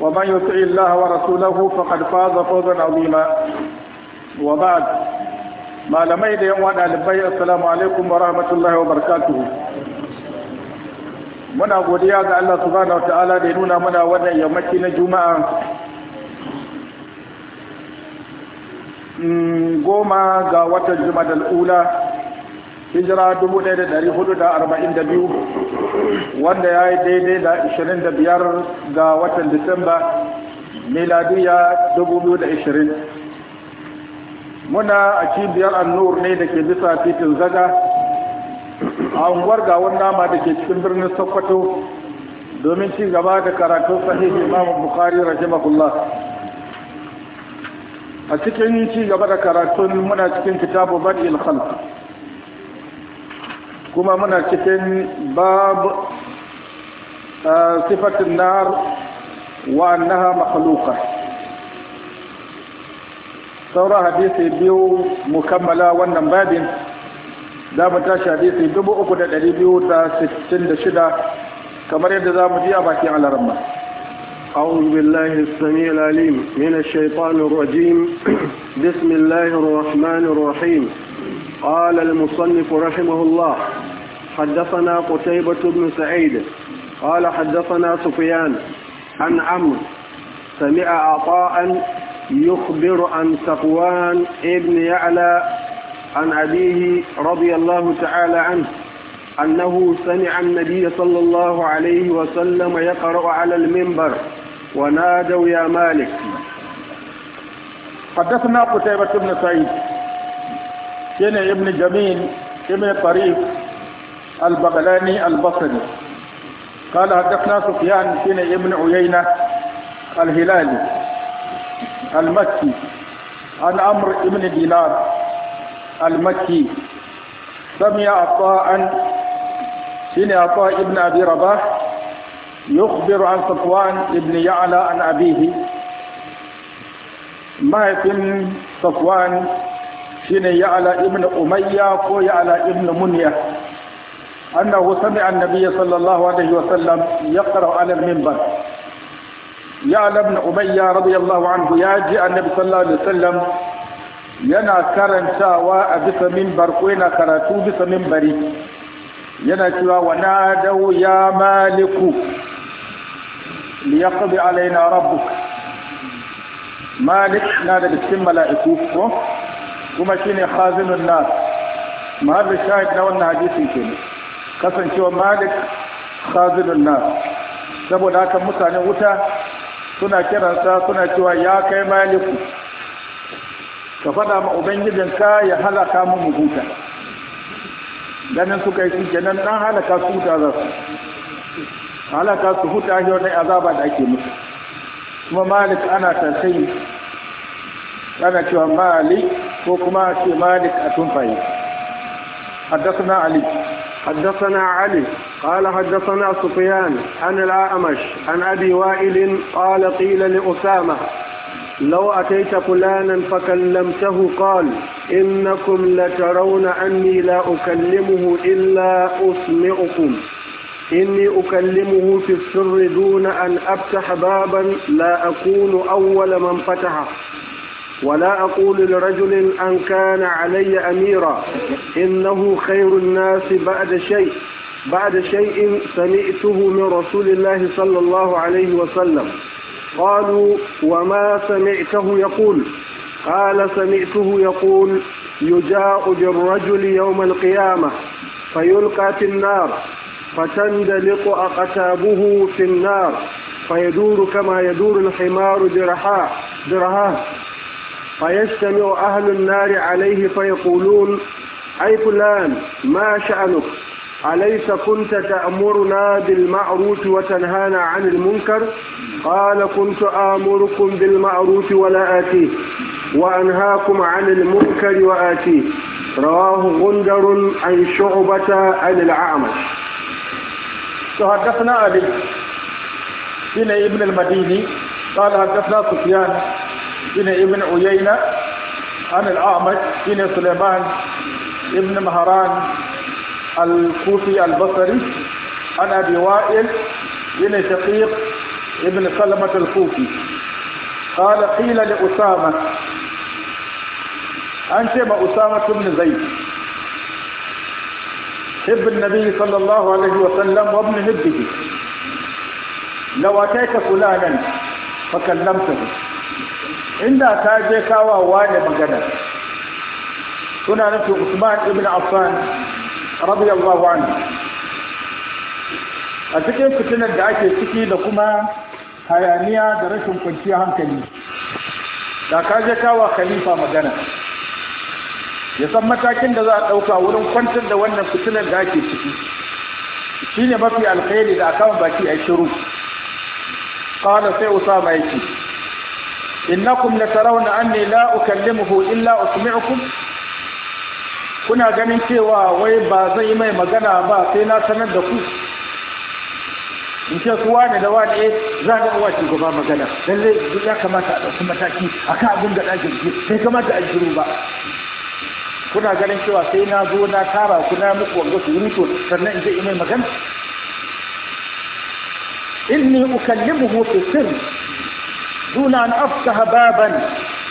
ومن يطع الله ورسوله فقد فاز فوزا عظيما وبعد ما لمي da yan wada albai assalamu alaikum wa rahmatullahi wa barakatuhu muna godiya ga Allah subhanahu wa ta'ala da ya nuna mana wannan yammaci na juma'a goma ga watan juma'a ula hijira 1442 wanda ya yi daidai da 25 ga watan disamba miladiya 2020 muna a cibiyar annur ne da ke bisa titin zaga a unguwar gawon nama da ke cikin birnin sokoto domin ci gaba da karatun sahihi imam bukari rahimahullah a cikin ci gaba da karatun muna cikin kitabu bad'il khalq kuma muna cikin bab sifatin nar wa annaha makhluqa sauran hadisi biyu mukammala wannan babin za mu tashi hadisi dubu uku da ɗari biyu da sittin da shida kamar yadda za mu ji a bakin alarma أعوذ بالله السميع العليم من الشيطان الرجيم بسم الله الرحمن الرحيم قال المصنف رحمه الله حدثنا قتيبة بن سعيد قال حدثنا سفيان عن عمرو سمع عطاء يخبر عن صفوان ابن يعلى عن أبيه رضي الله تعالى عنه أنه سمع النبي صلى الله عليه وسلم يقرأ على المنبر ونادوا يا مالك حدثنا قتيبة بن سعيد كان ابن جميل ابن طريق البغلاني البصري قال حدثنا سفيان بن ابن عيينة الهلالي المكي عن عمرو بن دينار المكي سمع عطاء بن عطاء بن أبي رباح يخبر عن صفوان بن يعلى عن أبيه ما يتم صفوان شين يعلى ابن أمية ويعلى ابن منيه أنه سمع النبي صلى الله عليه وسلم يقرأ على المنبر يا ابن أمية رضي الله عنه يا جاء النبي صلى الله عليه وسلم ينا كرنتا وأبس منبر وينا كرتو بس منبري ينا كوا ونادوا يا مالك ليقضي علينا ربك مالك نادى بسم ملائكوك كما شيني خازن الناس ما هذا الشاهد لو أنها جيسي كنه kasancewa malik khazilun nas saboda haka mutanen wuta suna kiransa suna cewa ya kai maliku ka faɗa ma ubangijinka ya halaka mu mu huta ganin suka yi shi nan ɗan halaka su huta za su halaka su huta shi wani azaba da ake mutu. kuma malik ana tarsayi ana cewa malik ko kuma ce malik a tumfaye حدثنا علي حدثنا علي قال حدثنا سفيان عن الأعمش عن أبي وائل قال قيل لأسامة لو أتيت فلانا فكلمته قال إنكم لترون أني لا أكلمه إلا أسمعكم إني أكلمه في السر دون أن أفتح بابا لا أكون أول من فتحه ولا أقول لرجل أن كان علي أميرا إنه خير الناس بعد شيء بعد شيء سمعته من رسول الله صلى الله عليه وسلم قالوا وما سمعته يقول قال سمعته يقول يجاء بالرجل يوم القيامة فيلقى في النار فتندلق أقتابه في النار فيدور كما يدور الحمار درحاه درهاه فيجتمع أهل النار عليه فيقولون أي فلان ما شأنك أليس كنت تأمرنا بالمعروف وتنهانا عن المنكر قال كنت آمركم بالمعروف ولا آتيه وأنهاكم عن المنكر وآتيه رواه غندر عن شعبة عن الأعمش تحدثنا علي بن ابن المديني قال حدثنا سفيان بن ابن عيينة عن الأعمش بن سليمان ابن مهران الكوفي البصري عن أبي وائل بن شقيق ابن سلمة الكوفي قال قيل لأسامة أنت ما أسامة بن زيد حب النبي صلى الله عليه وسلم وابن هبه لو أتيت فلانا فكلمته inda ka je kawa wani magana suna nufin usman ibn affan radiyallahu anhu a cikin fitinar da ake ciki da kuma hayaniya da rashin kwanciya hankali da ka je kawa khalifa magana ya san matakin da za a ɗauka wurin kwantar da wannan fitinar da ake ciki shine mafi alkhairi da kama baki a shiru qala sai usama yake innakum latarawna anni la ukallimuhu illa usmi'ukum kuna ganin cewa wai ba zai mai magana ba sai na sanar da ku in ce su wane da wane eh za ga uwa ce gaba magana lalle duk ya kamata a ɗauki mataki a akan abin da ɗakin ji sai kamata a jiru ba kuna ganin cewa sai na zo na tara ku na muku wanga su ruto sannan in je in mai magana inni ukallimuhu fi sirri دون أن أفتح بابا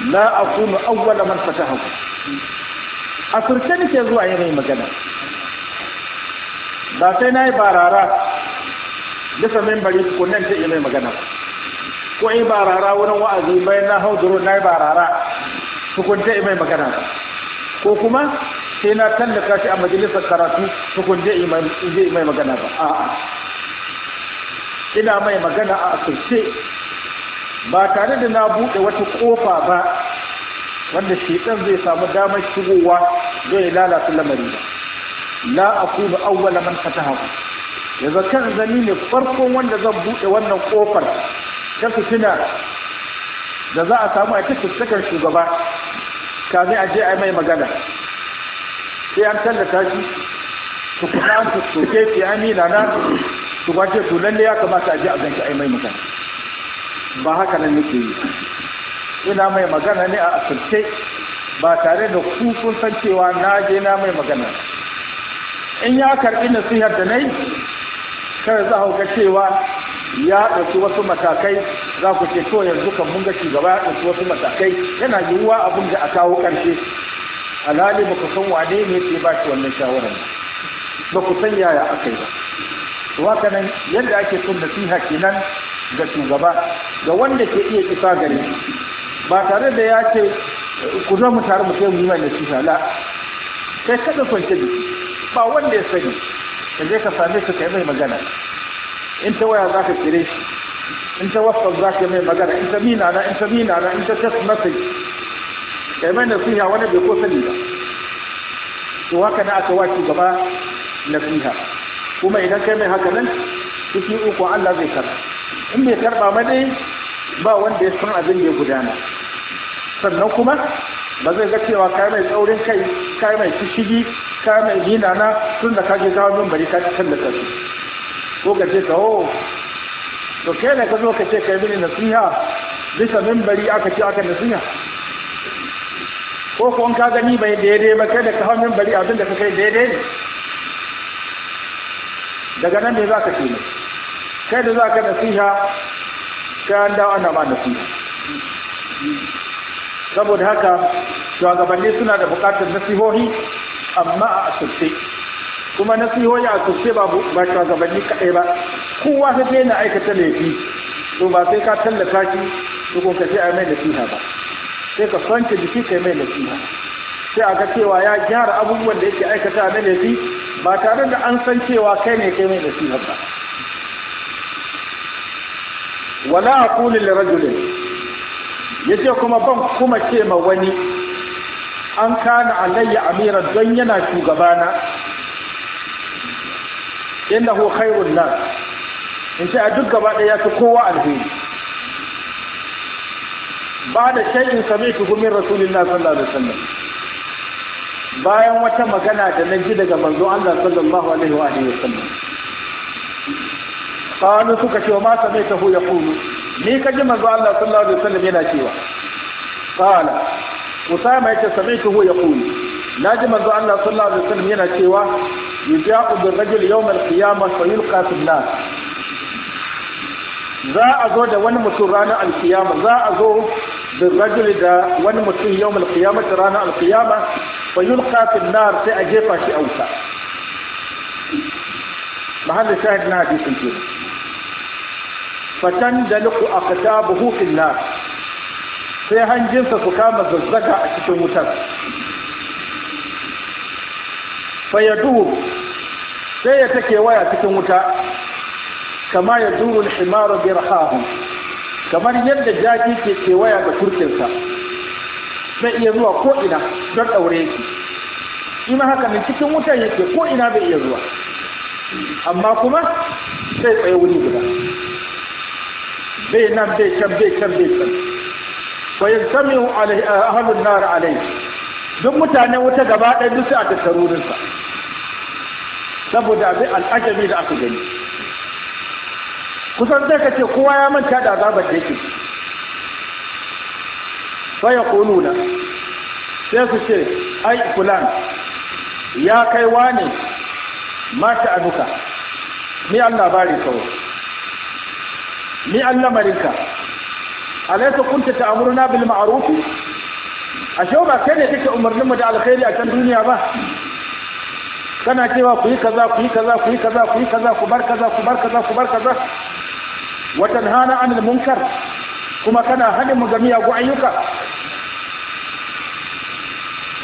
لا أكون أول من zuwa أكرتني كذو عيني مجانا باتنا بارارا dafa min bari ko nan ta yi mai ko in ba rara wurin wa'azi bayan na hau duro na yi ba tukun ta yi mai ko kuma sai na tallaka shi a majalisar karatu tukun ta yi mai a'a ina mai magana a asirce ba tare da na buɗe wata ƙofa ba wanda ɗan zai samu damar shigowa don ya lalata lamari ba la akunu awwala man fataha yanzu kan zani ne farkon wanda zan buɗe wannan ƙofar ta fitina da za a samu a cikin sakar shugaba ka a je a mai magana sai an tallata shi su kuma su soke amina na su ce to lalle ya kamata a je a ganci a mai magana ba haka nan nake yi ina mai magana ne a asirce ba tare da ku san cewa na je na mai magana in ya karɓi nasihar da nayi kar za a cewa ya ɗauki wasu matakai za ku ce to yanzu kan mun ga shugaba ya ɗauki wasu matakai yana yiwuwa abin da a kawo ƙarshe alhali ba ku san wane ne ke ba shi wannan shawarar ba ku san yaya aka yi ba to nan yadda ake son nasiha kenan ga shugaba ga wanda ke iya kisa gari, ba tare da ya ce ku zo mu tare mu kai mu yi mai nasiha la sai kada kwance jiki ba wanda ya sani ka je ka same su kai mai magana in ta waya za ka kire shi in ta whatsapp za ka mai magana in ta mina na in ta mina na in ta text message kai mai nasiha wani bai ko sani ba to haka na aka wace gaba nasiha kuma idan kai mai haka nan cikin uku Allah zai karɓa in bai karba ma dai ba wanda ya san abin da ya gudana sannan kuma ba zai ga cewa kai mai tsaurin kai kai mai kishigi kai mai na tun da kage gawa min bari ka tallata su ko ka ce ka ho oh, to kai ne ka zo ka ce kai mini nasiha bisa bari aka ce aka nasiha ko kuwan ka gani bai daidai ba kai da ka hau bari abin da ka kai daidai ne daga nan ne za ka ce ne kai da za ka nasiha kayan dawo ana ma nasiha saboda haka shugabanni suna da bukatar nasihohi amma a asirce kuma nasihohi a asirce ba shugabanni kaɗai ba kowa ta na aikata laifi to ba sai ka tallata shi su ka ce a mai nasiha ba sai ka fanke jiki kai mai nasiha sai a ga cewa ya gyara abubuwan da yake aikata a mai laifi ba tare da an san cewa kai ne kai mai nasiha ba wala aqulu li rajulin yace kuma ban kuma ce ma wani an kana alayya amira don yana shugabana innahu khairun nas in ce a duk gaba daya ta kowa alheri ba da shay'in sami'tu min rasulillah sallallahu alaihi wasallam bayan wata magana da na ji daga manzo Allah sallallahu alaihi wa alihi wasallam kanu suka ce wa ma sami ta hu ya kulu ni ka ji manzo Allah sallallahu alaihi wasallam yana cewa qala usama yace sami ta hu ya kulu na ji manzo Allah sallallahu alaihi wasallam yana cewa yuja'u bil rajul yawm al qiyamah fa yulqa fi an za a zo da wani mutum ranar alkiyama za a zo bil rajul da wani mutum yawm al qiyamah ranar alkiyama fa yi kafin an sai a jefa shi a wuta mahallin shahid na hadisin kenan fatan da liku a fata buhu finna sai hanjinsa su kama zazzaka a cikin wutar fayaduhu sai ya take waya cikin wuta kama ya duru himaru rahahu kamar yadda jaki ke ke waya da kurkinsa zai iya zuwa ko'ina don ɗaure shi. ima haka min cikin wutan yake ko'ina bai iya zuwa amma kuma sai tsaye wuri guda bai nan bai can bai can bai can wa yastamiu alai ahlun nar alai duk mutanen wuta gaba ɗaya duk a tattarurin saboda abin al'ajami da aka gani kusan sai ka ce kowa ya manta da azabar da yake fa yaquluna sai su ce ai fulan ya kai wane mata abuka ni Allah labari kawai ni an lamarinka alaisa kunta ta'muruna bil ma'ruf ashe ba kai ne kake umarnin mu da alkhairi a kan duniya ba kana cewa ku yi kaza ku yi kaza ku yi kaza ku yi kaza ku bar kaza ku bar kaza ku bar kaza wa tanhana anil munkar kuma kana hadin mu ga miyagu ayyuka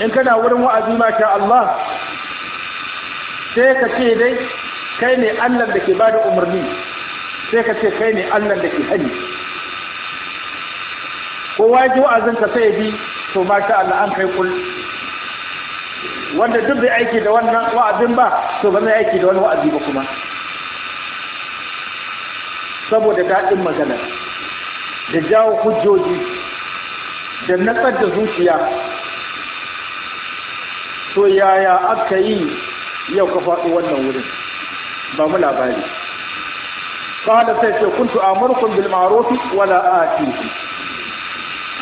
in kana wurin wa'azi ma sha Allah sai ka ce dai kai ne Allah da ke bada umarni sai ka ce kai ne Allah da ke hani kowa ya ji wa'azin ka sai bi to masha Allah an kai kul wanda duk bai aiki da wannan wa'azin ba to ba zai aiki da wani wa'azi ba kuma saboda daɗin magana da jawo hujjoji da natsar da zuciya to yaya aka yi yau ka faɗo wannan wurin ba mu labari qala sai ce kuntu amurukum bil ma'ruf wa la atiku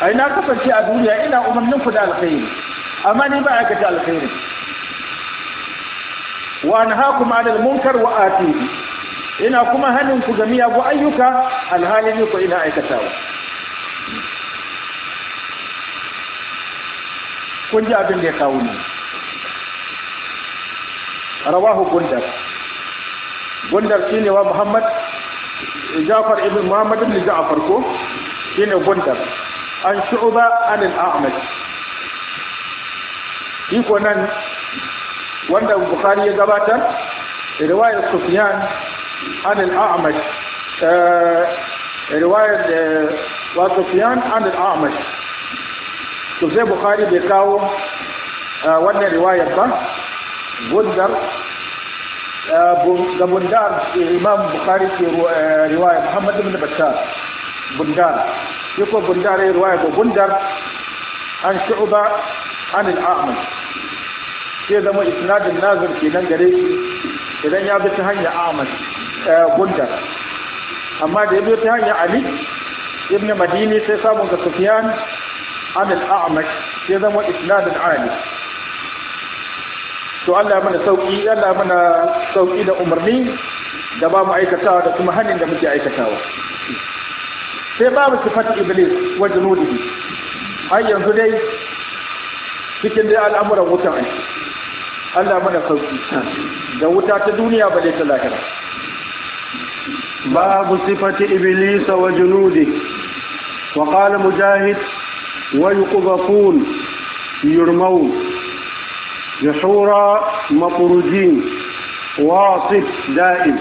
ai na kasance a duniya ina umarnin ku da alkhairi amma ni ba aikata alkhairi wa anhaakum 'anil munkar wa atiku ina kuma hanin ku ga miyagu ayyuka alhalin ku ina aikatawa kun ji abin da ya kawo ni. rawahu gundar gundar shine wa muhammad Jafar ibn Muhammad ibn Ja'far ko shine Gundar an Shu'ba an al-A'mash shi ko nan wanda Bukhari ya gabatar Riwaya Sufyan an al-A'mash eh, riwayar eh, wa Sufyan an al-A'mash to sai Bukhari bai kawo eh, wannan riwayar ba Gundar ga bundar imam bukari ke riwaya muhammad ibn bashar bundar shi ko bundar ya riwaya ga bundar an shu'ba an al'amun sai zama isnadin nazir kenan gare shi idan ya bi ta hanya amun bundar amma da ya bi ta hanya ali ibn madini sai samun ga sufyan an al'amun sai zama isnadin ali to Allah mana sauki Allah mana sauki da umarni da ba mu aikatawa da kuma hannun da muke aikatawa sai babu sifat iblis wa junudihi har yanzu dai cikin dai al'amuran wutan ai Allah mana sauki da wuta ta duniya ba dai ta lahira babu sifat iblis wa junudihi Mujahid, مجاهد ويقذفون يرمون جحورا مطرودين واصف دائم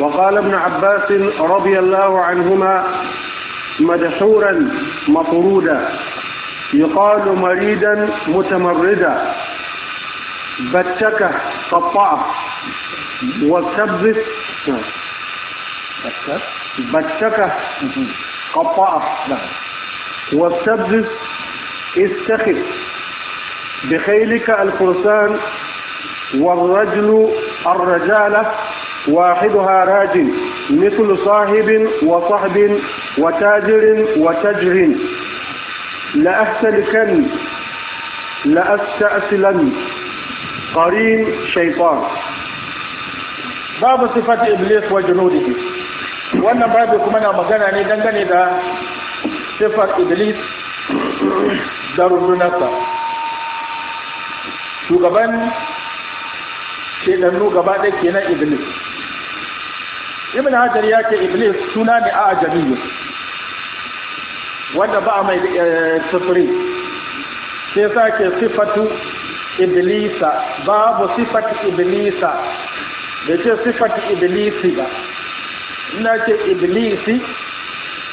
وقال ابن عباس رضي الله عنهما مدحورا مطرودا يقال مريدا متمردا بتكه قطعه وكبس بتكه قطعه نعم. وكبس استخف بخيلك الفرسان والرجل الرجالة واحدها راجل مثل صاحب وصحب وتاجر وتجر لأهتلكن لأستأسلن قرين شيطان باب صفات إبليس وجنوده وانا باب kuma na magana دا صفة إبليس دار النصر shugaban shedannu gaba ɗaya na iblis ibn hajar ya ce iblis suna ne a ajamiyu wanda ba a mai eh, sufuri sai ke sifatu iblisa babu sifatu iblisa da ce sifatu iblisi ba ina ce iblisi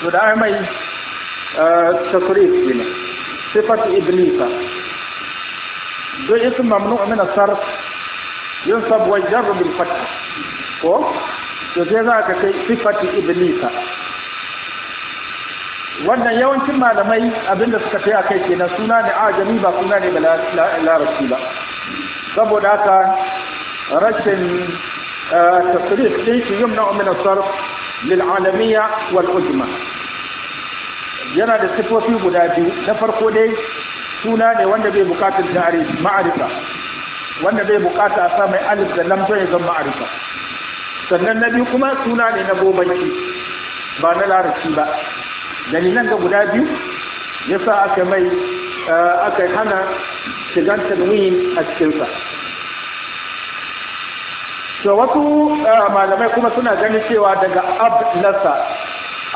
to da mai eh, sufuri ne sifatu iblisa جو اسم ممنوع من الصرف ينصب ويجر بالفتح كو جو زي ذاك في صفة إبليس وانا يوم كما لمي أبن سكتيا كيكينا سناني آجمي با سناني لا, رسيبا سبو داكا رشن آه، تصريح ليس يمنع من الصرف للعالمية والعجمة ينا دي سيبو فيو بدا دي نفرقو suna ne wanda bai bukatar tarihi ma'arifa wanda bai bukatar a sa mai alif da lam ya zama ma'arifa sannan na biyu kuma suna ne na bobanci ba na larabci ba dalilan ga guda biyu yasa aka mai eh, aka hana shigar tanwin a cikinsa to wasu eh, malamai kuma suna ganin cewa daga ablasa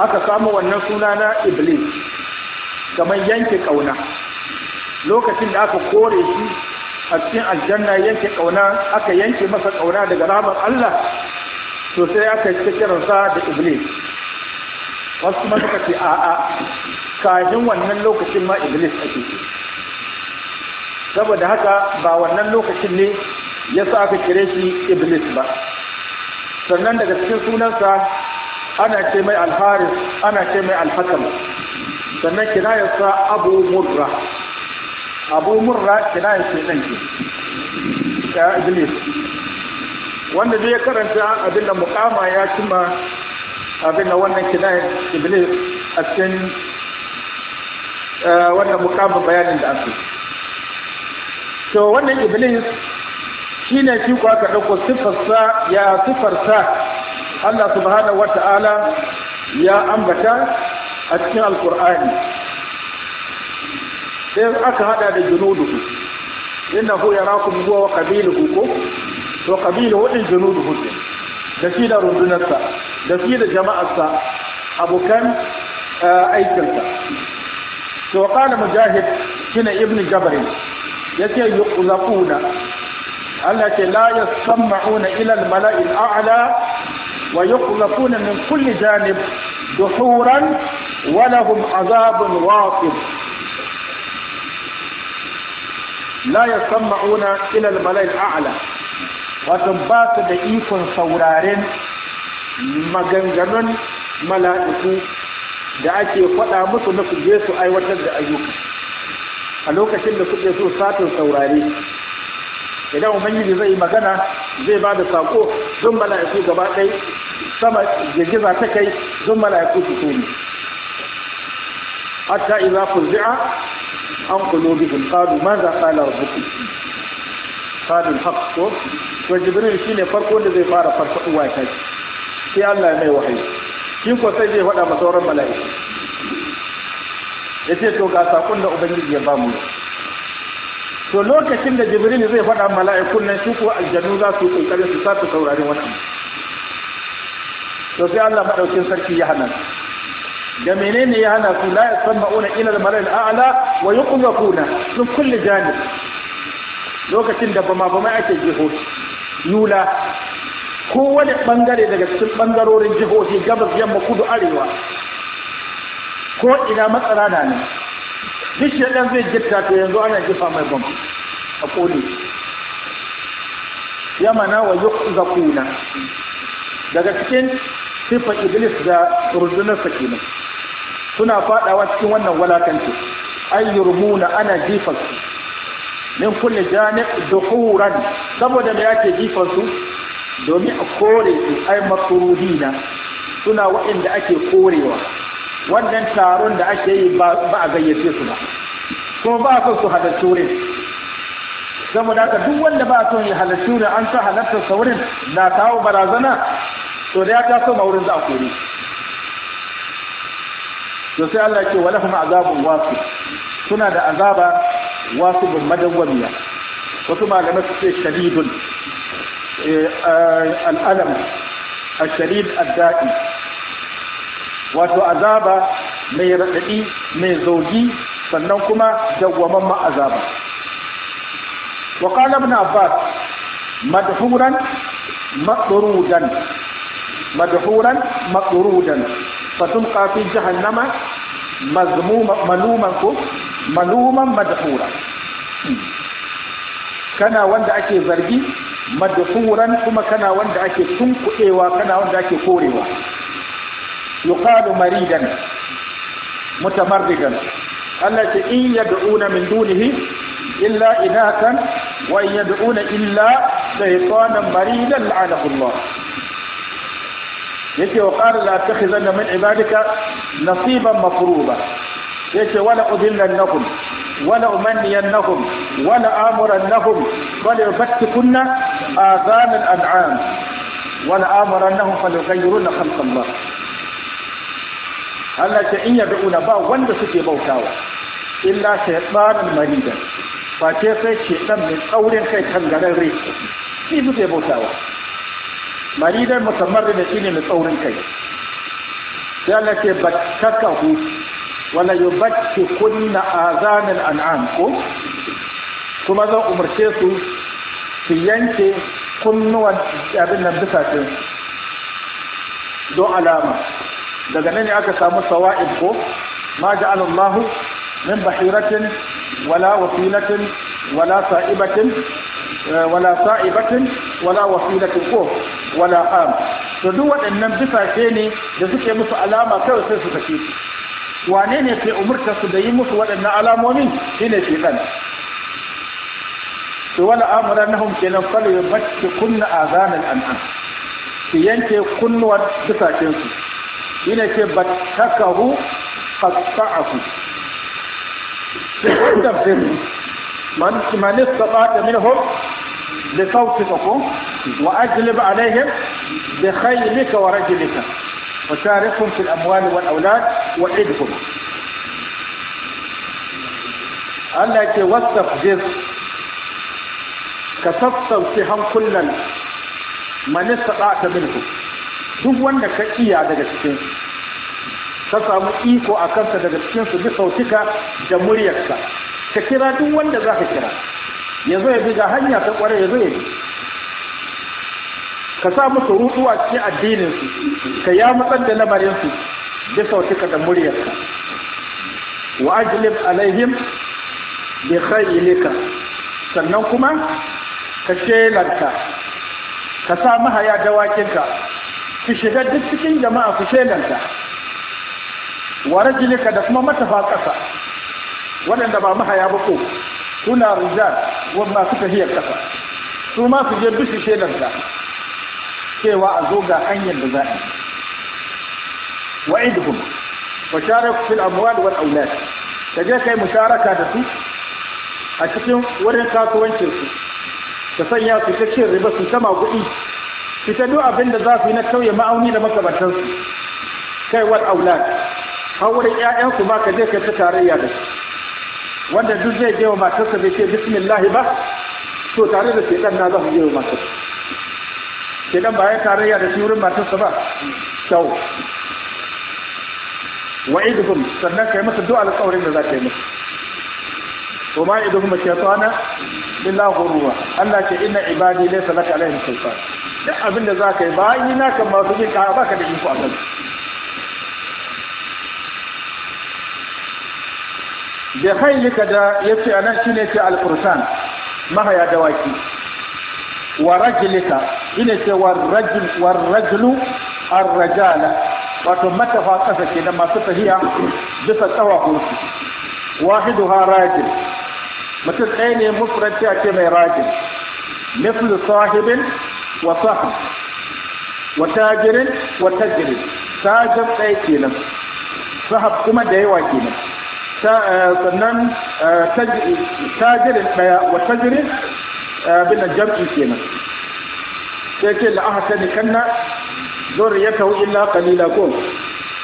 aka samu wannan suna na iblis kamar yanke kauna lokacin da aka kore shi a cikin aljanna yanke kauna aka yanke masa kauna daga ramar Allah to sai aka yi kiransa da iblis wasu kuma suka ce a'a kajin wannan lokacin ma iblis ake ce saboda haka ba wannan lokacin ne ya sa aka kire shi iblis ba sannan daga cikin sunansa ana ce mai alharis ana ce mai alhakam sannan kinayarsa abu murra abu murra kina ya ce ɗan ke ya iblis wanda zai karanta abinda mukama ya cimma abinda wannan kina iblis a cikin eh, wannan mukamin bayanin da ake to wannan iblis shi ne shi ko aka ɗauko sifarsa ya sifarsa Allah subhanahu wata'ala ya ambata a cikin alkur'ani sai aka hada da junuduhu innahu yarakum huwa wa qabiluhu ko to qabiluhu din junuduhu da shi da rundunarsa da shi da jama'arsa abukan aikinsa to qala mujahid kina ibnu jabr yace yuqzaquna Allah ce la yasma'una ila al malai al a'la wa yuqzaquna min kulli janib duhuran wa lahum azabun waqib la yasma'una ila al malai a'la wato ba su da ikon sauraren maganganun mala'iku da ake faɗa musu na su su aiwatar da ayyuka a lokacin da suke so satin saurare idan ubangiji zai yi magana zai ba da sako zun mala'iku gaba ɗai sama girgiza ta kai zun mala'iku su tuni hatta idza fuzi'a an kulobihin kadu ma za kala rubutu kadun haka ko to jibril shine farko da zai fara farko wa ta ce sai allah ya mai wahayi shi ko sai zai faɗa masa wurin mala'iku ya ce to ga sakon da ubangiji ya ba mu to lokacin da jibril zai faɗa mala'ikun nan shi ko aljanu za su kokarin su sa su saurari wannan to sai allah maɗaukin sarki ya hana da menene ya hana su la yasma'una ila al-malal a'la wa kuna sun kulle janib lokacin da bama bama ake jihohi yula wani bangare daga cikin bangarorin jihohi gabas yamma kudu arewa ko ina matsara na ne duk ɗan zai jirta to yanzu ana jifa mai bam a ƙone yamana wa yi kuna daga cikin sifa iblis da rundunarsa kenan suna fadawa cikin wannan walakanci yi yurmuna ana jifan min Janet da duhuran saboda me yake jifan su domin a kore su ay makruhina suna waɗanda ake korewa wannan taron da ake yi ba a gayyace su ba kuma ba a su halarci wurin saboda haka duk wanda ba son ya halarci wurin an sa halartar sa wurin na kawo barazana to da ya taso ma wurin za a kore to sai Allah ce walahum azabun wasi suna da azaba wasibun madawwamiya wasu malamai su ce shadidun eh, eh, al'alam ashadid adda'i wato azaba mai raɗaɗi mai zogi sannan kuma dawwaman ma'azaba wa qala ibn abbas madhuran maqrudan madhuran maqrudan fatum fi jahannama mazmuma maluman ko maluman madhura kana wanda ake zargi madhuran kuma kana wanda ake tunkuɗewa kana wanda ake korewa yuqalu maridan mutamarridan ce in yad'una min dunihi illa inakan wa in yad'una illa shaytanan maridan la'anahu Allah yake wa qala la takhizanna min ibadika nasiban mafruba yake wala udillannahum wala umanniyannahum wala amurannahum wala yubtikunna azan al'am wala amurannahum falyughayyiruna khalqa Allah Allah ce in yad'una ba wanda suke bautawa illa shaytanul marida fa ce sai shaytan mai tsaurin kai tangararre shi suke bautawa maridan mutamarri da shi ne mai tsaurin kai sai Allah ce bakkakahu wala yubakki kunna azanin an'am ko kuma zan umarce su su yanke kunnuwan abin nan bisa ce don alama daga nan ne aka samu sawa'ib ko ma ja'alallahu min bahiratin wala wasilatin wala sa'ibatin eh, wala sa'ibatin wala wasilatin ko wala am to duk waɗannan bisashe ne da suke musu alama kawai sai su sake su wane ne ke umurta su da yi musu waɗannan alamomin shine shedan to wala amara nahum kenan fala bacci kunna azanan an'am su yanke kunnuwar bisashen su shine ke battakahu qatta'ahu sai wanda bin man man istata minhum da sautuka ko wa ajlib alaihim bi khaylika wa rajlika wa tarikhum fil amwali wal aulad wa idhum Allah ke wastafjiz ka sassauci hankulan manista ta milku duk wanda ka iya daga cikin ka samu iko a kansa daga cikinsu bi sautika da muryarka ka kira duk wanda za ka kira ya zo ya bi ga hanya ta kware ya zo ya bi ka sa musu rutuwa cikin addinin su ka ya matsar da lamarinsu su da sautuka da muryarka wa ajlib alaihim bi khaylika sannan kuma ka shelarka ka sa mahaya dawakinka ki shiga duk cikin jama'a ku shelarka wa rajulika da kuma matafa ƙasa waɗanda ba mahaya ba ko kuna rijal wa masu tahiyar ƙasa su ma su je bisu shaidar ta cewa a zo ga hanyar da za a yi wa idhum wa sharak fil amwal wal aulad ka je kai musharaka da su a cikin wurin kasuwancin su ka sanya su ta cin riba su sama maguɗi su ta duk abin da za su yi na tauye ma'auni da makamantansu kai wal aulad har wurin 'ya'yansu ma ka je kai ta tarayya da su wanda duk zai je wa matarsa bai ce bismillahi ba to tare da shedan na za su je wa matarsa shedan ba ya tarayya da shi wurin matarsa ba kyau wa idhum sannan kai masa du'a alƙawarin da za ka yi masa. to ma idhum shaytana illa ghurwa Allah ce inna ibadi laysa laka alaihim sultan duk abin da za ka yi bayi na kan masu bin ka baka da iko a kansu da hailika da ya ce a nan shi ne ce alfursan mahaya dawaki wa rajilika shi ne ce wa rajilu arrajala wato matafa ƙasa ke da masu tafiya bisa tsawa hotu wahidu ha rajil mutum ɗaya ne mufuranci a ce mai rajil mislu sahibin wa sahib wa tajirin wa tajirin sajin ɗaya kenan sahab kuma da yawa kenan sannan tajirin ɗaya wa tajirin bin jam'i kenan sai ce la aka ni kanna zuriyatahu illa qalila ko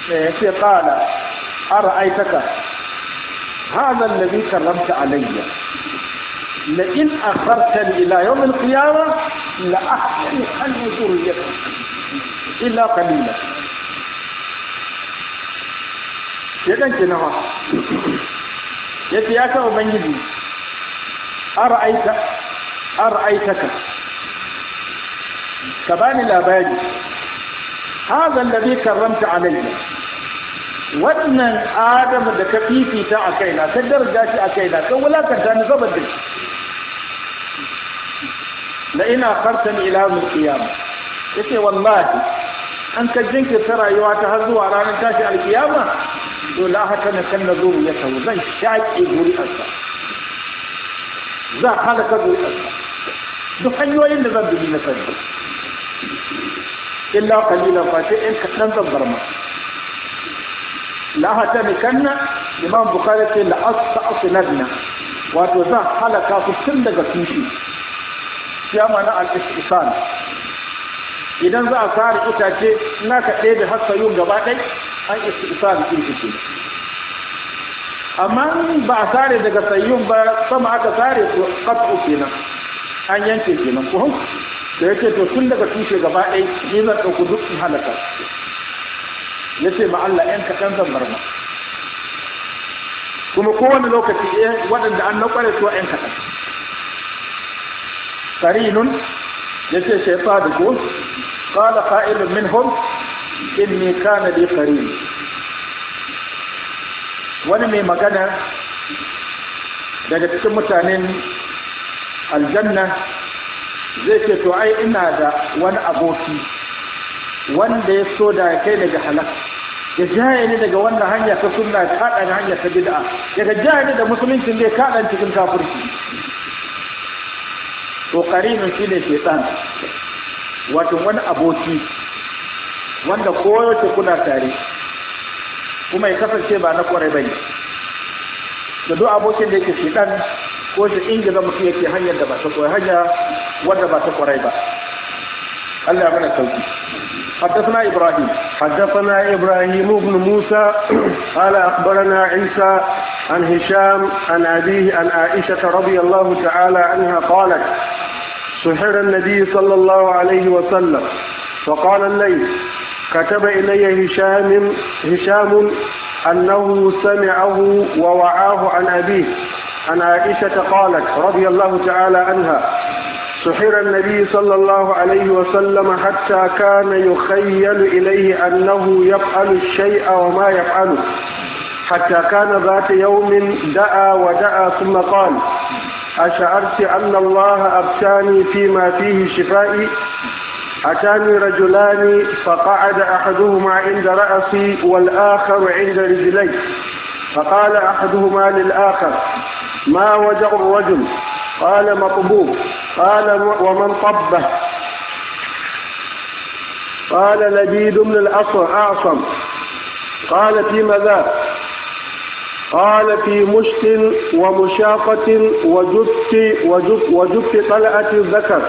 sai qala ara'aytaka hadha alladhi karramta alayya la in akhartani ila yawm al-qiyamah la ahsanu an zuriyatahu illa qalila shedan ke nawa ya ce ya kawo ubangiji ara'aitaka ka ba ni labari hazan da zai karramta alayya wannan Adamu da ka fifita a kaina ta daraja shi a kaina ta wulakanta ni saboda shi Na ina fartan ila mun Ya ce wallahi an ka jinkirta rayuwa ta har zuwa ranar tashi alkiyama to la na kan na zuru ya tawo zan shaƙe zuri'arsa zan halaka zuri'arsa duk hanyoyin da zan bi na sani illa qalilan fa sai in kaɗan zan bar ma la na kan na imam bukari ce la asta na, wato zan halaka su tun daga tushe shi na al-ihsan idan za a sare itace in aka ɗebe har sayun gaba ɗaya an istifar cikin amma ba a sare daga sayyun ba sama aka sare to qat'u nan an yanke nan ko da yake to tun daga tushe gaba ɗaya ni zan ɗauki duk in halaka yace ma Allah ɗan kaɗan zan barma kuma kowane lokaci waɗanda an na ƙware su ɗan ya ce yace da ko qala qa'ilun minhum inni kana bi qarin wani mai magana daga cikin mutanen aljanna zai ce to ai ina da wani aboki wanda ya so da kai daga halak ya jaye ni daga wannan hanya ta sunna ya kada ni hanya ta bid'a ga jaye ni da musulunci zai kada cikin kafirci to shi ne shaitan wato wani aboki wanda koyaushe kuna tare kuma ya kasance ba na kware bane da duk abokin da yake shidan ko shi ingiza mutum yake hanyar da ba ta kwarai hanya wanda ba ta kware ba Allah ya mana sauki حدثنا إبراهيم حدثنا إبراهيم بن موسى قال أخبرنا عيسى عن هشام عن أبيه عن عائشة رضي الله تعالى عنها قالت سحر النبي صلى الله عليه وسلم فقال الليل كتب إلي هشام هشام أنه سمعه ووعاه عن أبيه عن عائشة قالت رضي الله تعالى عنها سحر النبي صلى الله عليه وسلم حتى كان يخيل إليه أنه يفعل الشيء وما يفعله حتى كان ذات يوم دعا ودعا ثم قال أشعرت أن الله أبتاني فيما فيه شفائي أتاني رجلان فقعد أحدهما عند رأسي والآخر عند رجلي فقال أحدهما للآخر ما وجع الرجل قال مطبوب قال ومن طبه قال لبيد بن الأصر أعصم قال في ماذا قال في مشت ومشاقة وجبت, وجبت طلعة الذكر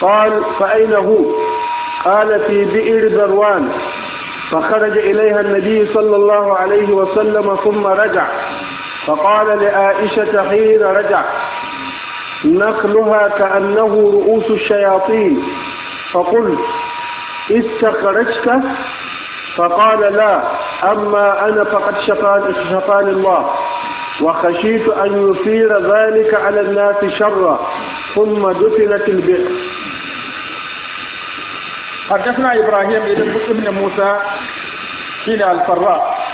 قال فأين هو قال في بئر دروان فخرج إليها النبي صلى الله عليه وسلم ثم رجع فقال لعائشة حين رجع نخلها كأنه رؤوس الشياطين فقلت استخرجت فقال لا أما أنا فقد شفاني, شفاني الله وخشيت أن يثير ذلك على الناس شرا ثم دفنت البئر حدثنا إبراهيم بن موسى حين الفراء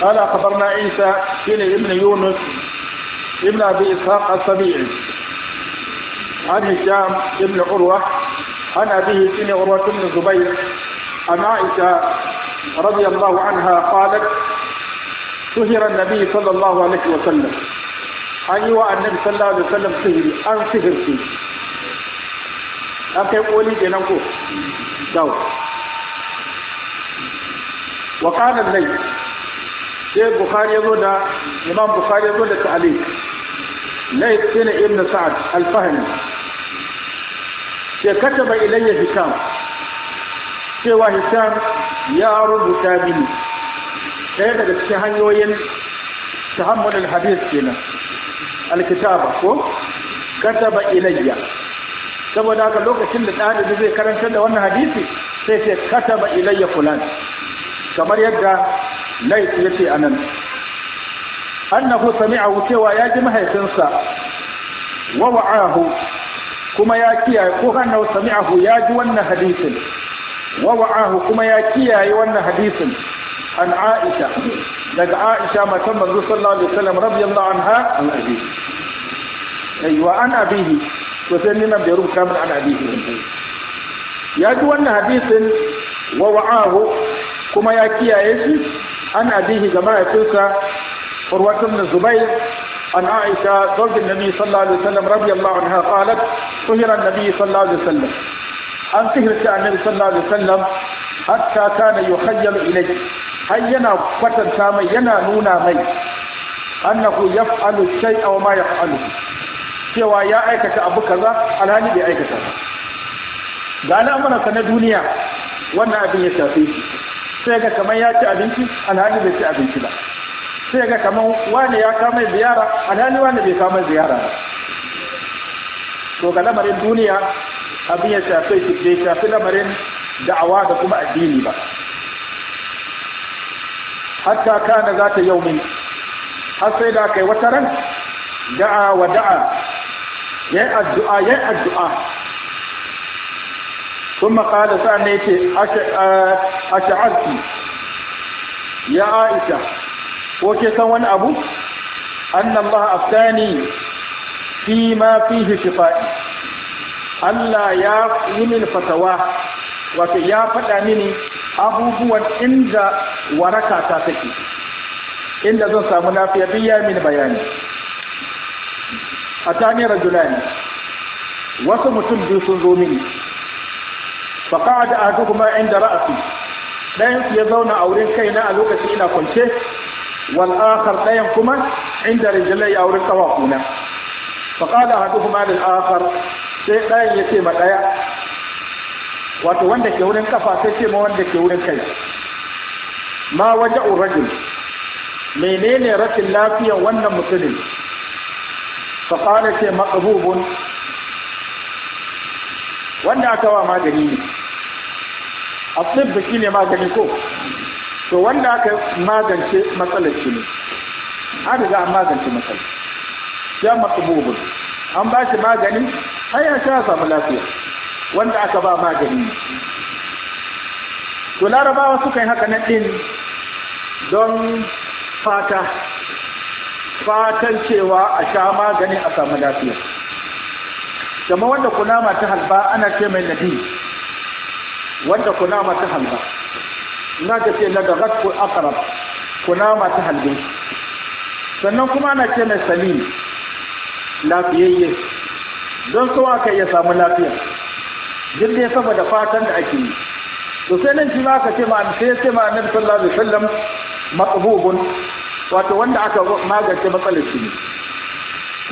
قال أخبرنا عيسى حين ابن يونس ابن أبي إسحاق السبيعي عن هشام ابن عروة عن أبيه حين عروة بن الزبير عن عائشة رضي الله عنها قالت سهر النبي صلى الله عليه وسلم أيوة النبي صلى الله عليه وسلم سهري أن سهرتي an kai koli kenan ko Dau. wa kana lai sai bukhari yazo da imam bukhari yazo da ta'liq lai bin ibn sa'ad al-fahmi sai kataba ilayya hikam cewa hikam ya rubuta mini ɗaya daga cikin hanyoyin tahammul al-hadith kenan al-kitaba ko kataba ilayya saboda haka lokacin da ɗalibi zai karantar da wannan hadisi sai ce kataba ilayya fulan kamar yadda lait ya ce anan annahu sami'ahu cewa ya ji mahaifinsa wa wa'ahu kuma ya kiyaye ko annahu sami'ahu ya ji wannan hadisin wa wa'ahu kuma ya kiyaye wannan hadisin an Aisha daga Aisha matan manzo sallallahu alaihi wasallam radiyallahu anha an abi an abihi to sai nan da ya rubuta mana an hadisi ya ji wannan hadisin wa wa'ahu kuma ya kiyaye shi an abihi ga mahaifinsa furwatun na zubai an aisha zaujin nabi sallallahu alaihi wasallam radiyallahu anha qalat tuhira nabi sallallahu alaihi wasallam an sihirta annabi sallallahu alaihi wasallam hatta kana yukhayyalu ilayhi har yana kwatanta mai yana nuna mai annahu yaf'alu shay'a wa ma yaf'alu cewa ya aikata abu kaza alhali bai aikata ga al'amuransa na duniya wannan abin ya shafe shi sai ga kamar ya ci abinci alhali bai ci abinci ba sai ga kamar wani ya kama ziyara alhali wani bai kama ziyara ba to ga lamarin duniya abin ya shafe shi bai shafi lamarin da'awa da kuma addini ba hatta kana za ta yau min har sai da kai wata ran da'a wa da'a ya addu'a ya addu'a sun makala sa'an ne ce a sha'arki eh, ya aisha ko ke san wani abu annan ba aftani fi ma fihi shifa'i Allah ya yi min fatawa wato ya faɗa mini abubuwan inda waraka ta take inda zan samu lafiya biya mini bayani atani rajulani wasu mutum biyu sun zo mini da a kuma ma inda ra'asi ɗayan ya zauna a wurin kaina a lokacin ina kwance wal'akar ɗayan kuma inda rijlai a wurin kawakuna faƙaɗa a duk ma da akhar sai ɗayan ya ce ma ɗaya wato wanda ke wurin kafa sai ce ma wanda ke wurin kai ma waje urajul menene rashin lafiyan wannan mutumin faƙala ce maƙabubun wanda aka wa magani ne a tsibbi shi ne magani ko to wanda aka magance matsalar shi ne an riga an magance matsalar ya maƙabubun an ba shi magani har ya sha samu lafiya wanda aka ba magani ne to larabawa suka yi haka na ɗin don fata fatan cewa a sha magani a samu lafiya kama wanda kunama ta halba ana ce mai nabi wanda kunama ta halba na ta ce na dagat ko akarab kunama ta halbe sannan kuma ana ce mai salim lafiyayye don so kai ya samu lafiya jirgin sama da fatan da ake yi to sai nan shi ma aka ce ma sai ce ma annabi sallallahu alaihi wasallam maqbubun wato wanda aka magance matsalar shi ne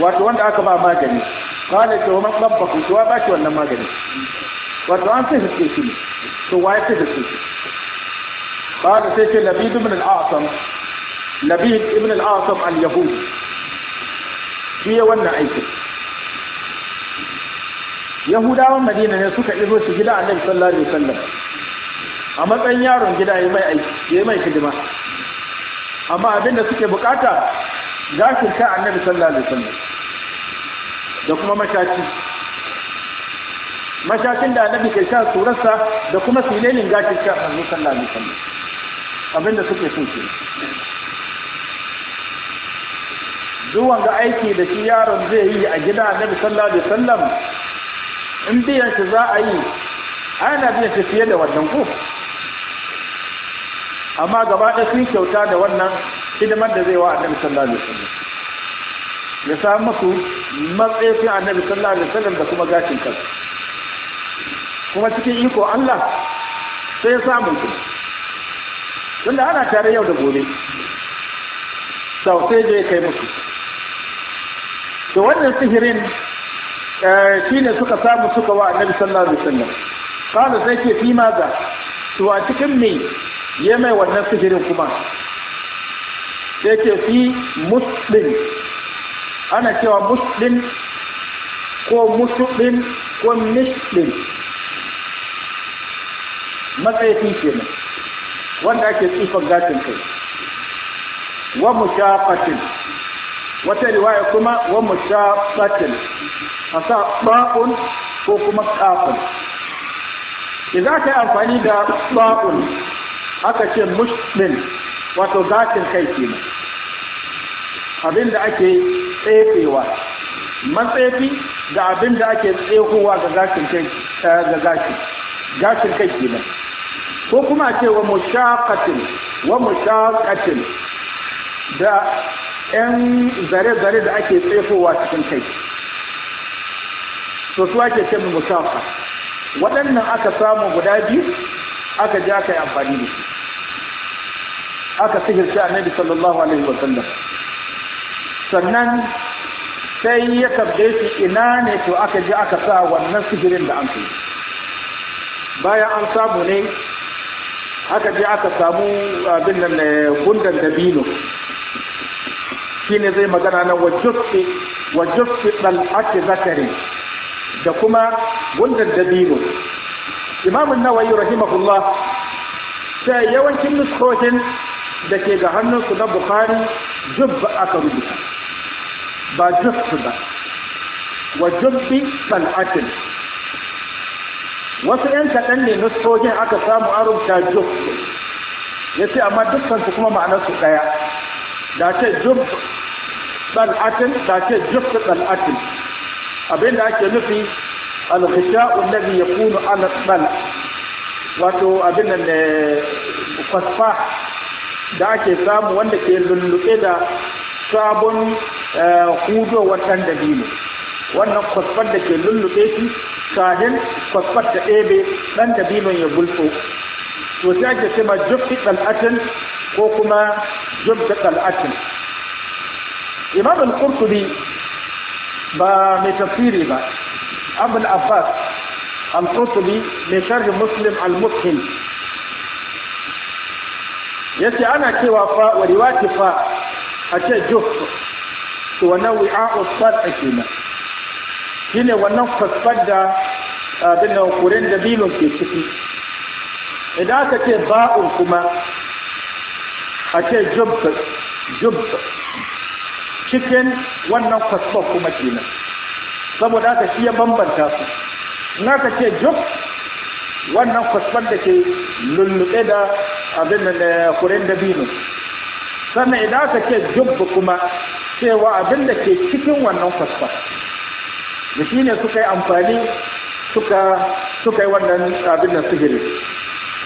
wato wanda aka ba magani kawai ce wa maɓaɓɓa ku wa ba shi wannan magani wato an sai haske shi ne to wa ya sai haske shi kawai sai ce labid ibn al-asam labid ibn al-asam al-yahud shi ya wannan aikin yahudawan madina ne suka iso shi gida annabi sallallahu alaihi wasallam a matsayin yaron gida ya mai aiki ya mai hidima amma abinda suke bukata gashin kai annabi sallallahu alaihi wasallam da kuma mashaki mashakin da annabi ke sha surarsa da kuma silelin gashin kai annabi sallallahu alaihi wasallam abinda suke so ke duk wanda aiki da shi yaron zai yi a gida annabi sallallahu alaihi wasallam in biyan shi za a yi ana biyan shi fiye da wannan ko amma gaba ɗaya sun kyauta da wannan hidimar da zai wa annabi sallallahu alaihi wasallam ya samu musu matsayin annabi sallallahu alaihi wasallam da kuma gashin kansa kuma cikin iko Allah sai ya samu su tunda ana tare yau da gobe sau sai je kai musu to wannan sihirin eh, shi ne suka samu suka wa annabi sallallahu alaihi wasallam kana sai ke fi maza to a cikin me ya mai wannan sihirin kuma ya ce fi muslim ana cewa muslim ko musulmin ko muslim ke nan. wanda ake tsifan gatin kai wa mushafatin wata riwaya kuma wa mushafatin a sa ba'un ko kuma ƙafin idan ka yi amfani da ba'un aka ce muslim wato zatin kai ke nan, abin da ake tsefewa matsefi da abin da ake tsefowa ga gashin kai eh, ke nan. ko kuma ce wa mushaqatin wa mushaqatin da yan zare-zare da ake tsefowa cikin kai to su ake ce mu mushaqa waɗannan aka samu guda biyu aka ja kai amfani da shi aka sihirce annabi sallallahu alaihi wasallam sannan sai ya tabbe shi ina ne to aka ji aka sa wannan sihirin da an kai bayan an samu ne aka ji aka samu abin nan eh, gundan Shi ne zai magana na wajufi wajufi dal ake zakari da kuma gundan dabino imamun nawayi rahimahullah sai yawancin nuskokin da ke ga hannunsu na bukari jubba aka rubuta ba jubsu ba wa jubbi sal'atin wasu 'yan kaɗan ne nussojin aka samu an rubuta jubsu ya ce amma dukkan su kuma su ɗaya da ce jub sal'atin da ce jubsu sal'atin abinda ake nufi al-ghisha'u alladhi kunu ala sal wato abin da ne eh, fasfa. da ake samu wanda ke lulluɓe da sabon eh, hudowar da dabino wannan kwasfar da ke lulluɓe shi kadin kwasfar da ɗebe ɗan dabinon ya gulfo to sai ake ce ma ɗal'atin ko kuma jubbi ɗal'atin imam al-qurtubi ba mai tafsiri ba abul abbas al-qurtubi mai sharhi muslim al mukhin yace ana cewa fa wa riwati fa a ce juf to wannan wi'a'u sad'a kenan shine wannan fasfar da abin da kuren da bilon ke ciki idan aka ce ba'un kuma a ce jubba jubba cikin wannan fasfar kuma kenan saboda aka shi ya bambanta su in aka ce jub wannan fasfar da ke lullube da abin da eh, kuren dabino sannan idan aka ce jubba kuma cewa abin da ke cikin wannan kwasfa da shi ne suka yi amfani suka yi wannan abin da sihiri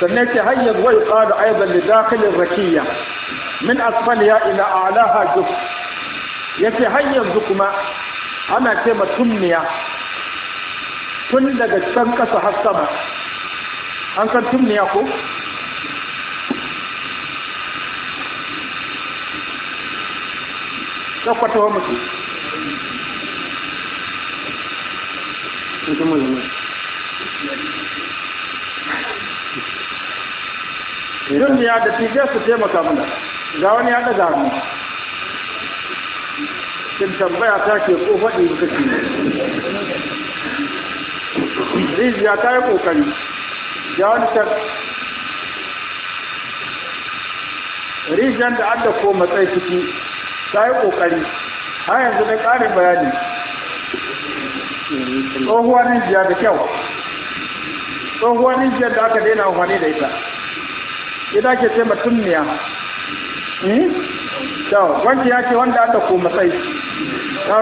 sannan ce hanyar wai ƙada aizan da dakilin rakiya min ya ila alaha jub ya ce hanyar yanzu kuma ana ce tunniya tun daga can ƙasa har sama an san tunniya ko sokoto mutu mutu mulmi irin ya da tije su taimaka mana ga wani ya daga hannu kin tambaya ta ke ko faɗi kake rijiya ta yi ƙoƙari ya wani ta rijiyar da an da ko matsayi ciki ta yi ƙoƙari har yanzu na ƙarin bayani tsohuwar rijiya da kyau tsohuwar jiya da aka daina amfani da ita ita ke ce mutumniya hmm? kyau wanda ya ce wanda aka ko matsayi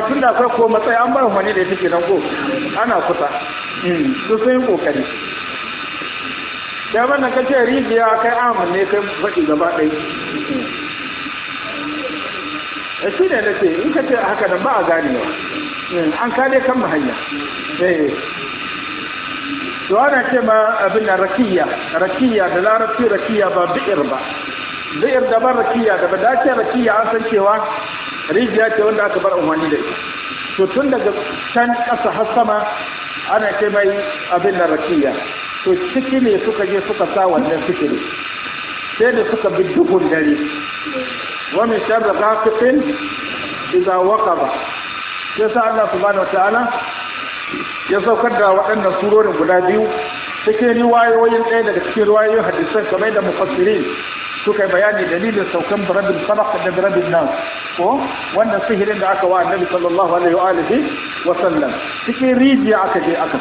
tun da akwai ko matsayi an bar amfani da ita ke nan ko ana kusa hmm. su sun yi ƙoƙari da wannan kace rijiya kai ne kai faɗi gaba ɗaya da shi ne nake in ka ce haka nan ba a ba. Hmm, an kare kan mahanya eh. to ana ce ma abin da rakiya rakiya da larabci rakiya ba bi'ir ba bi'ir da ba rakiya da ba da ce rakiya an san cewa rijiya ce wanda aka bar umarni da ita to tun daga can ƙasa har sama ana ce mai abin da rakiya to ciki ne suka je suka sa wannan fikiri sai da suka bi duhun dare ومن شر غاسق إذا وقب yasa Allah subhanahu wataala ya saukar da waɗannan surorin guda biyu cikin riwayoyin ɗaya daga cikin riwayoyin hadisai kamar da mufassirin suka yi bayani dalilin saukan birabin sabaq da birabin nan ko wannan sihirin da aka wa annabi sallallahu alaihi wa alihi wa sallam cikin rijiya aka je aka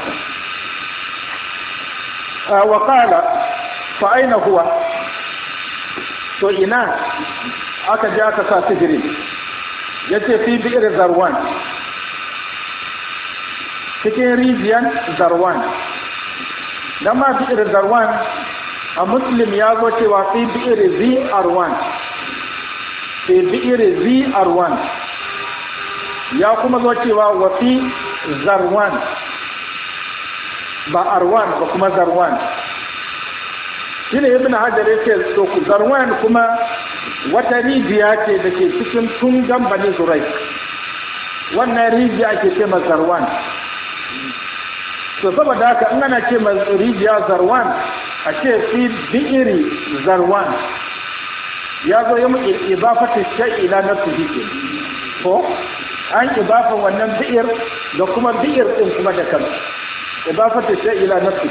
sa wa qala fa aina huwa to ina aka ji aka sa sihiri ya ce fi bi'ir zarwan cikin rijiyar zarwan don ma bi'ir zarwan a muslim ya zo cewa fi bi zr1 fi bi zr1 ya kuma zo cewa wa fi zarwan ba arwan ba kuma zarwan shi ne ibn hajar yake so zarwan kuma wata rijiya ce da ke cikin tungan bani zurai wannan rijiya ke ce ma zarwan to saboda haka in ana ce ma rijiya zarwan a ce fi bi'iri zarwan ya zo yi mu ibafata sha'ila na su jike ko an ibafa wannan bi'ir da kuma bi'ir din kuma da kan ibafata sha'ila na su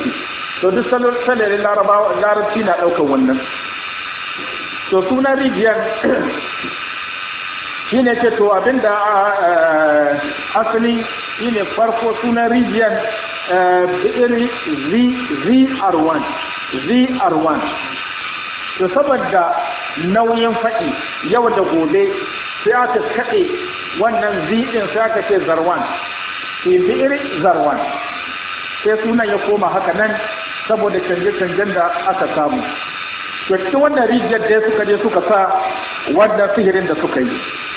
to duk salon salarin larabci na ɗaukar wannan to sunan rijiyar shi ne ce to abinda asali shi ne farko sunan rijiyar bi'iri zr1 zr1 to saboda nauyin faɗi yau da gobe sai aka kaɗe wannan zidin sai aka ce zarwan ke bi'iri 1 sai sunan ya koma haka nan saboda canje-canjen da aka samu to wannan rijiyar da suka je suka sa wannan sihirin da suka yi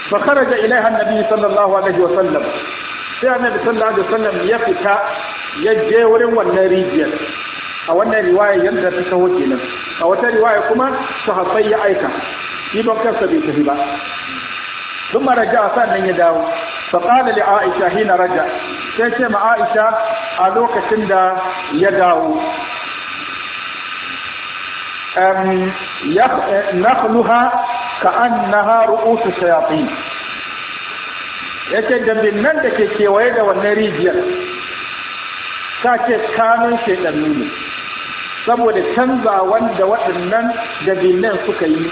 fa kharaja ilaiha annabi sallallahu alaihi wa sallam sai annabi sallallahu alaihi wa sallam ya fita ya je wurin wannan rijiyar a wannan riwaya yadda ta taho kenan a wata riwaya kuma sahabbai ya aika shi don kansa bai tafi ba sun maraja sannan ya dawo faƙaɗa da aisha hina raja sai ce ma aisha a lokacin da ya dawo nakhluha ka annaha ru'usu yake dambin nan da ke kewaye da wannan rijiyar ta ce kanun shaidannu ne saboda canza wanda waɗannan dabinan suka yi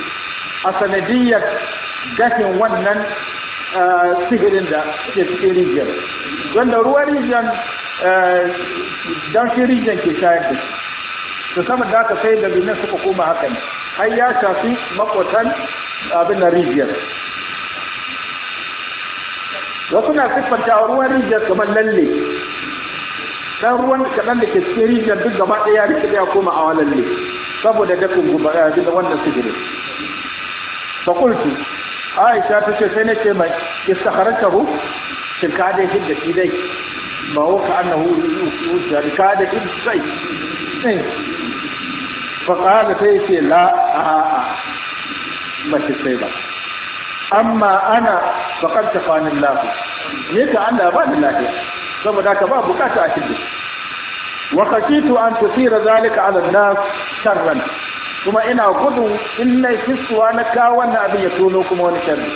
a sanadiyar gashin wannan sihirin da ke cikin rijiyar wanda ruwan rijiyar don shi rijiyar ke shayar da shi to saman da aka sai da binan suka koma hakan, har ya shafi makwatan abin na rijiyar wasu na siffanta a ruwan rijiyar kamar lalle dan ruwan kaɗan da ke cikin rijiyar duk gaba ɗaya rike ya koma a lalle saboda dafin gubara da wannan sigirin fakultu aisha ta ce sai na ce mai istakharatahu shin ka dai da shi dai ba wa ka annahu yusu da ka da shi ibsai faƙala ta yi ce la a'a mace sai ba amma ana faƙar ta fanin lafi ne Allah bani ni lafiya saboda ka ba bukata a cikin wa kakitu an tusira zalika ala nas kuma ina gudu in na kiswa na kawo wannan abin ya tono kuma wani sharri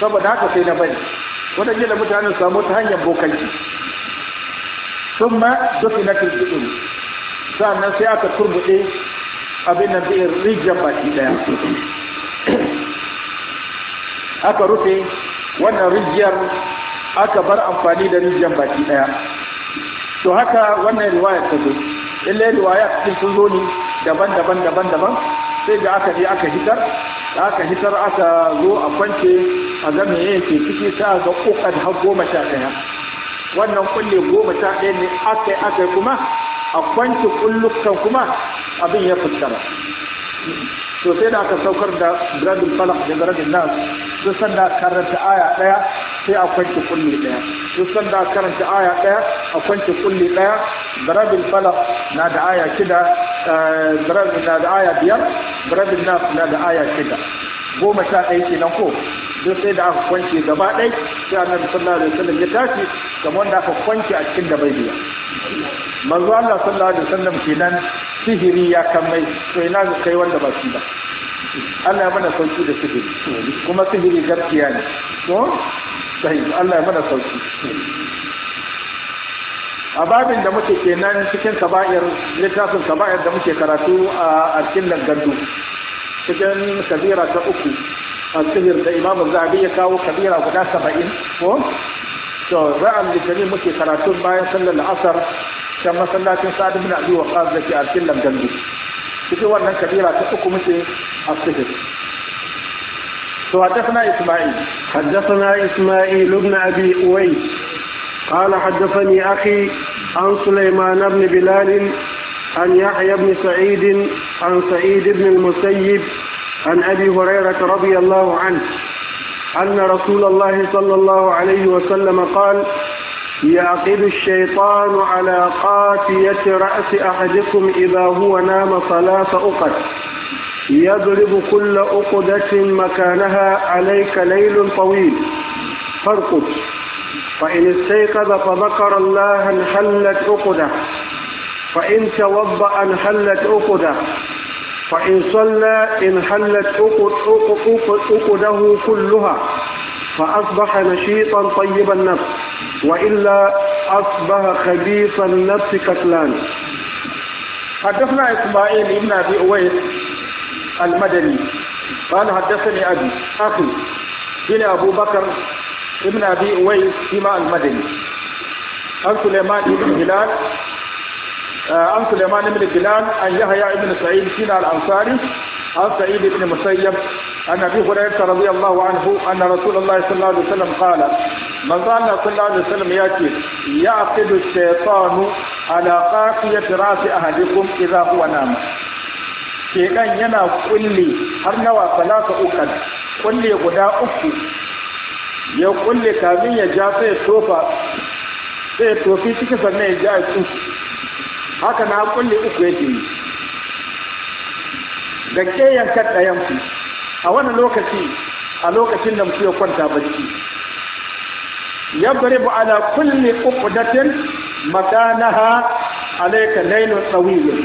saboda haka sai na bari wanda da mutanen samu ta hanyar bokanci sun ma dukkan na kirkiɗin sannan sai aka turbuɗe abin da zai rijiyar baki ɗaya aka rufe wannan rijiyar aka bar amfani da rijiyar baki ɗaya to haka wannan riwayar ta zo illai riwaya cikin sun zo ne daban-daban daban-daban sai da aka je aka hitar da aka hitar aka zo a kwance a zama yake ciki ta ga ƙoƙar har goma sha ɗaya wannan kulle goma sha ɗaya ne aka yi aka yi kuma a kwanci kullukan kuma abin ya fuskara to sai da aka saukar da gradul falak da gradul nas duk sanda karanta aya daya sai a kwanci kulli daya duk sanda karanta aya daya a kwanci kulli daya gradul falak na da aya shida gradul eh, na da aya biyar gradul nas na da aya shida goma sha ɗaya kenan ko don sai da aka kwanke gaba ɗai sai annabi sallallahu alaihi wasallam ya tashi kamar wanda aka kwanke a cikin da bai biya manzo Allah sallallahu alaihi wasallam kenan sihiri ya kammai to ina ga kai wanda ba shi ba Allah ya mana sauki da sihiri kuma sihiri gaskiya ne to sai Allah ya mana sauki a babin da muke kenan cikin kaba'ir littafin kaba'ir da muke karatu a cikin langandu cikin kabira ta uku sihir da imamu zahabi ya kawo kabira guda saba'in ko to ra'an litinin muke karatun bayan sallar la'asar can masallacin sa'ad bin abi waqas da ke arkin lamdambi cikin wannan kabira ta uku muke a sihir to حدثنا إسماعيل حدثنا إسماعيل بن أبي أويس قال حدثني أخي عن سليمان بن بلال عن يحيى بن سعيد عن سعيد بن المسيب عن أبي هريرة رضي الله عنه أن رسول الله صلى الله عليه وسلم قال يعقد الشيطان على قافية رأس أحدكم إذا هو نام ثلاث أقد يضرب كل أقدة مكانها عليك ليل طويل فارقد فإن استيقظ فذكر الله انحلت أقدة فإن توضأ انحلت أقدة فإن صلى انحلت عقده كلها فأصبح نشيطا طيب النفس وإلا أصبح خبيث النفس كسلان حدثنا إسماعيل بن أبي أويس المدني قال حدثني أبي أخي بن أبو بكر ابن أبي أويس فيما المدني عن سليمان بن هلال an Suleiman ibn Bilal an Yahya ibn Sa'id shi al-Ansari an Sa'id ibn Musayyab an Abi Hurairah radiyallahu anhu anna Rasulullahi sallallahu alaihi wasallam qala man zanna sallallahu alaihi wasallam yake ya'qidu shaytanu ala qafiyati ra'si ahadikum idha huwa nama shedan yana kulle har nawa salaka ukan kulle guda uku ya kulle kamin ya ja sai tofa sai tofi cikin sannan ya ja ya haka na kulle uku yake yi da ke yankar ɗayan ku a wani lokaci a lokacin da mutu ya kwanta bacci ya bari bu ala kulle uku datin makanaha alaika lailun tsawiyin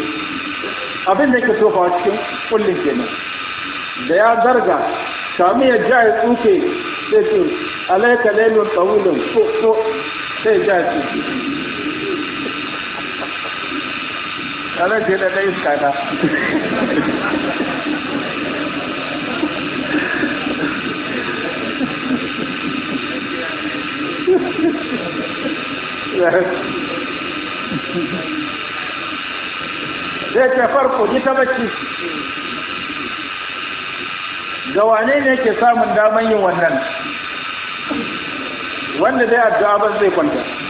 abin da ke tofa cikin kullin kenan da ya zarga sami ya ja ya tsuke sai ce alaika lailun tsawiyin ko ko sai ja ya tsuke ranar ce iska ta zai ce farko ji ta bacci ga wane ne ke samun daman yin wannan wanda dai addu'a ba zai kwanta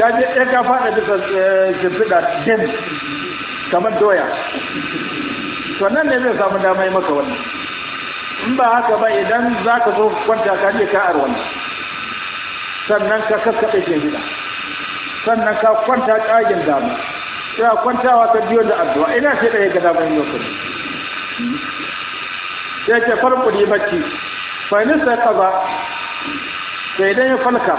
ka je ɗaya ka faɗa bisa eh, shimfiɗa din kamar doya to nan ne zai samu dama yi maka wannan in ba haka ba idan za ka zo kwanta ka je ka arwani sannan ka kakkaɓe gida. sannan ka kwanta ƙagin dama sai kwantawa ta biyo da addu'a ina sai ɗaya ga dama yi lokaci sai ce farko ne bacci fa nisa ka ba sai idan ya falka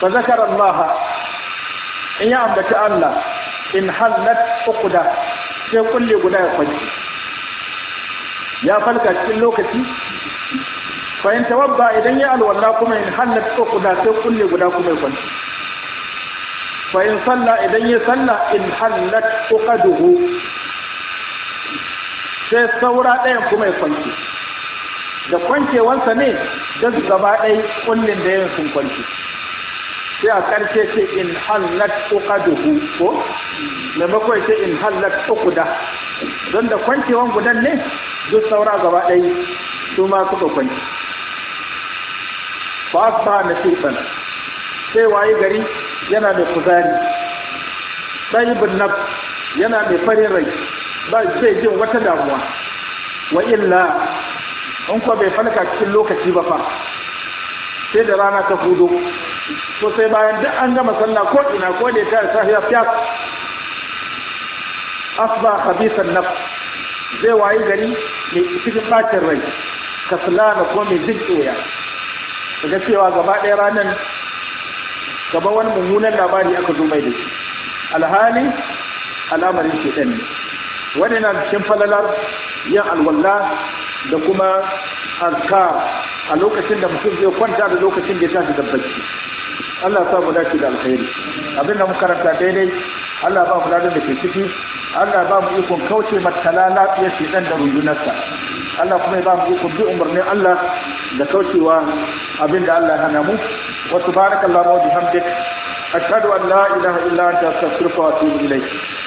fa zakara Allah in ya ambaci Allah in hallat uqda sai kulle guda ya kwanci ya falka cikin lokaci fa in idan ya alwala kuma in hallat uqda sai kulle guda kuma ya salla idan ya salla in sai saura ɗayan kuma ya kwanci da kwancewansa ne duk gaba ɗaya kullin da yin sun kwanci sai a ƙarshe ce in hallat uqaduhu ko maimakon ce in hallat da, don da kwancewan gudan ne duk saura gaba ɗaya su ma suka kwanci fa asba nasiban sai waye gari yana da kuzari tayyibun naf yana mai farin rai ba zai jin wata damuwa wa illa in kwa bai falka cikin lokaci ba fa sai da rana ta hudu to sai bayan duk an gama sallah ko ina ko da ta ya fiya asba khabisan naf, zai wayi gari mai cikin bacin rai ka sallama ko mai jin doya daga cewa gaba ɗaya ranar gaba wani mummunan labari aka zo mai da shi alhali al'amarin ɗan ne wani na cikin falalar yin alwala da kuma azkar a lokacin da mutum zai kwanta da lokacin da ya tashi da bacci Allah ya sa mu dace da alkhairi da mu karanta daidai Allah ba mu da ke ciki Allah ba mu ikon kauce matala lafiyar shedan da rundunarsa Allah kuma ya ba mu ikon duk umarnin Allah da kaucewa abin da Allah ya hana mu wa subhanakallahu wa bihamdik ashhadu an la ilaha illa anta astaghfiruka wa atubu ilayk